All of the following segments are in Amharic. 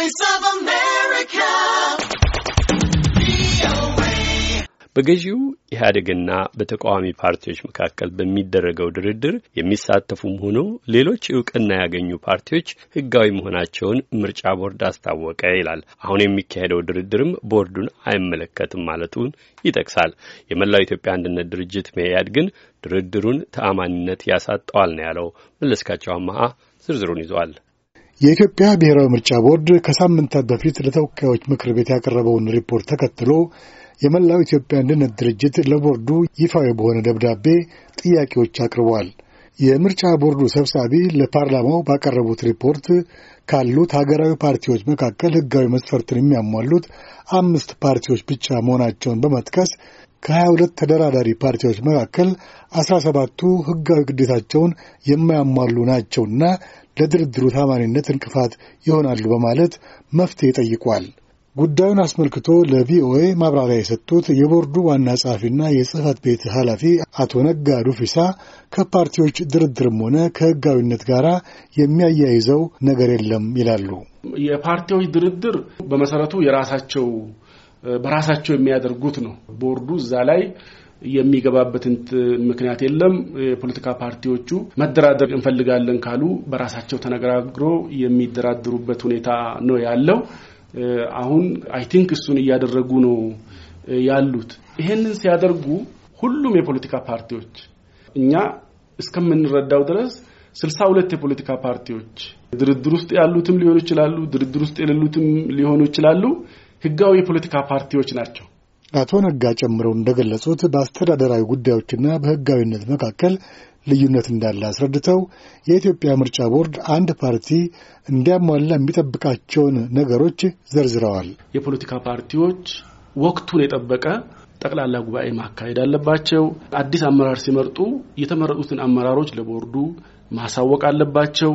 Voice of America. በገዢው ኢህአዴግና በተቃዋሚ ፓርቲዎች መካከል በሚደረገው ድርድር የሚሳተፉም ሆኖ ሌሎች እውቅና ያገኙ ፓርቲዎች ህጋዊ መሆናቸውን ምርጫ ቦርድ አስታወቀ ይላል። አሁን የሚካሄደው ድርድርም ቦርዱን አይመለከትም ማለቱን ይጠቅሳል። የመላው ኢትዮጵያ አንድነት ድርጅት መኢአድ ግን ድርድሩን ተአማኒነት ያሳጠዋል ነው ያለው። መለስካቸው አመሀ ዝርዝሩን ይዟል። የኢትዮጵያ ብሔራዊ ምርጫ ቦርድ ከሳምንታት በፊት ለተወካዮች ምክር ቤት ያቀረበውን ሪፖርት ተከትሎ የመላው ኢትዮጵያ አንድነት ድርጅት ለቦርዱ ይፋዊ በሆነ ደብዳቤ ጥያቄዎች አቅርቧል። የምርጫ ቦርዱ ሰብሳቢ ለፓርላማው ባቀረቡት ሪፖርት ካሉት ሀገራዊ ፓርቲዎች መካከል ሕጋዊ መስፈርትን የሚያሟሉት አምስት ፓርቲዎች ብቻ መሆናቸውን በመጥቀስ ከሀያ ሁለት ተደራዳሪ ፓርቲዎች መካከል አስራ ሰባቱ ህጋዊ ግዴታቸውን የማያሟሉ ናቸውና ለድርድሩ ታማኒነት እንቅፋት ይሆናሉ በማለት መፍትሄ ጠይቋል። ጉዳዩን አስመልክቶ ለቪኦኤ ማብራሪያ የሰጡት የቦርዱ ዋና ጸሐፊና የጽህፈት ቤት ኃላፊ አቶ ነጋ ዱፊሳ ከፓርቲዎች ድርድርም ሆነ ከህጋዊነት ጋር የሚያያይዘው ነገር የለም ይላሉ። የፓርቲዎች ድርድር በመሰረቱ የራሳቸው በራሳቸው የሚያደርጉት ነው። ቦርዱ እዛ ላይ የሚገባበትን ምክንያት የለም። የፖለቲካ ፓርቲዎቹ መደራደር እንፈልጋለን ካሉ በራሳቸው ተነጋግሮ የሚደራደሩበት ሁኔታ ነው ያለው። አሁን አይ ቲንክ እሱን እያደረጉ ነው ያሉት። ይሄንን ሲያደርጉ ሁሉም የፖለቲካ ፓርቲዎች እኛ እስከምንረዳው ድረስ ስልሳ ሁለት የፖለቲካ ፓርቲዎች ድርድር ውስጥ ያሉትም ሊሆኑ ይችላሉ፣ ድርድር ውስጥ የሌሉትም ሊሆኑ ይችላሉ። ህጋዊ የፖለቲካ ፓርቲዎች ናቸው። አቶ ነጋ ጨምረው እንደገለጹት በአስተዳደራዊ ጉዳዮችና በህጋዊነት መካከል ልዩነት እንዳለ አስረድተው የኢትዮጵያ ምርጫ ቦርድ አንድ ፓርቲ እንዲያሟላ የሚጠብቃቸውን ነገሮች ዘርዝረዋል። የፖለቲካ ፓርቲዎች ወቅቱን የጠበቀ ጠቅላላ ጉባኤ ማካሄድ አለባቸው። አዲስ አመራር ሲመርጡ የተመረጡትን አመራሮች ለቦርዱ ማሳወቅ አለባቸው።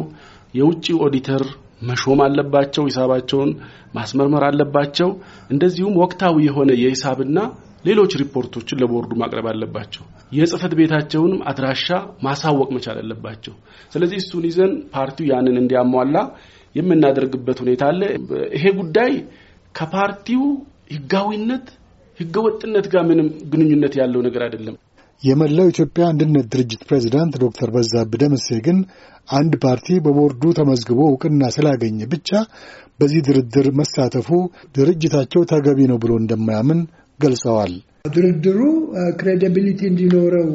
የውጭ ኦዲተር መሾም አለባቸው፣ ሂሳባቸውን ማስመርመር አለባቸው። እንደዚሁም ወቅታዊ የሆነ የሂሳብና ሌሎች ሪፖርቶችን ለቦርዱ ማቅረብ አለባቸው። የጽህፈት ቤታቸውንም አድራሻ ማሳወቅ መቻል አለባቸው። ስለዚህ እሱን ይዘን ፓርቲው ያንን እንዲያሟላ የምናደርግበት ሁኔታ አለ። ይሄ ጉዳይ ከፓርቲው ህጋዊነት ህገወጥነት ጋር ምንም ግንኙነት ያለው ነገር አይደለም። የመላው ኢትዮጵያ አንድነት ድርጅት ፕሬዚዳንት ዶክተር በዛብህ ደምሴ ግን አንድ ፓርቲ በቦርዱ ተመዝግቦ እውቅና ስላገኘ ብቻ በዚህ ድርድር መሳተፉ ድርጅታቸው ተገቢ ነው ብሎ እንደማያምን ገልጸዋል። ድርድሩ ክሬዲቢሊቲ እንዲኖረው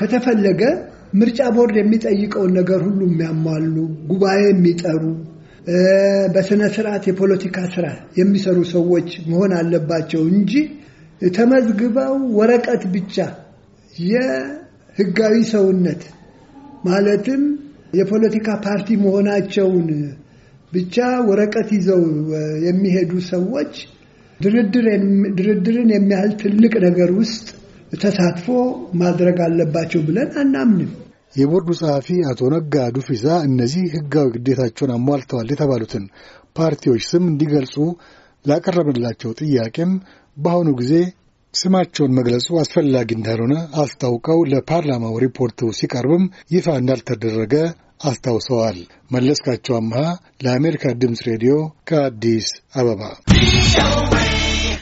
ከተፈለገ ምርጫ ቦርድ የሚጠይቀውን ነገር ሁሉ የሚያሟሉ ጉባኤ የሚጠሩ በስነ ስርዓት የፖለቲካ ስራ የሚሰሩ ሰዎች መሆን አለባቸው እንጂ ተመዝግበው ወረቀት ብቻ የህጋዊ ሰውነት ማለትም የፖለቲካ ፓርቲ መሆናቸውን ብቻ ወረቀት ይዘው የሚሄዱ ሰዎች ድርድርን የሚያህል ትልቅ ነገር ውስጥ ተሳትፎ ማድረግ አለባቸው ብለን አናምንም። የቦርዱ ጸሐፊ አቶ ነጋ ዱፊዛ እነዚህ ህጋዊ ግዴታቸውን አሟልተዋል የተባሉትን ፓርቲዎች ስም እንዲገልጹ ላቀረብንላቸው ጥያቄም በአሁኑ ጊዜ ስማቸውን መግለጹ አስፈላጊ እንዳልሆነ አስታውቀው ለፓርላማው ሪፖርቱ ሲቀርብም ይፋ እንዳልተደረገ አስታውሰዋል። መለስካቸው አምሃ ለአሜሪካ ድምፅ ሬዲዮ ከአዲስ አበባ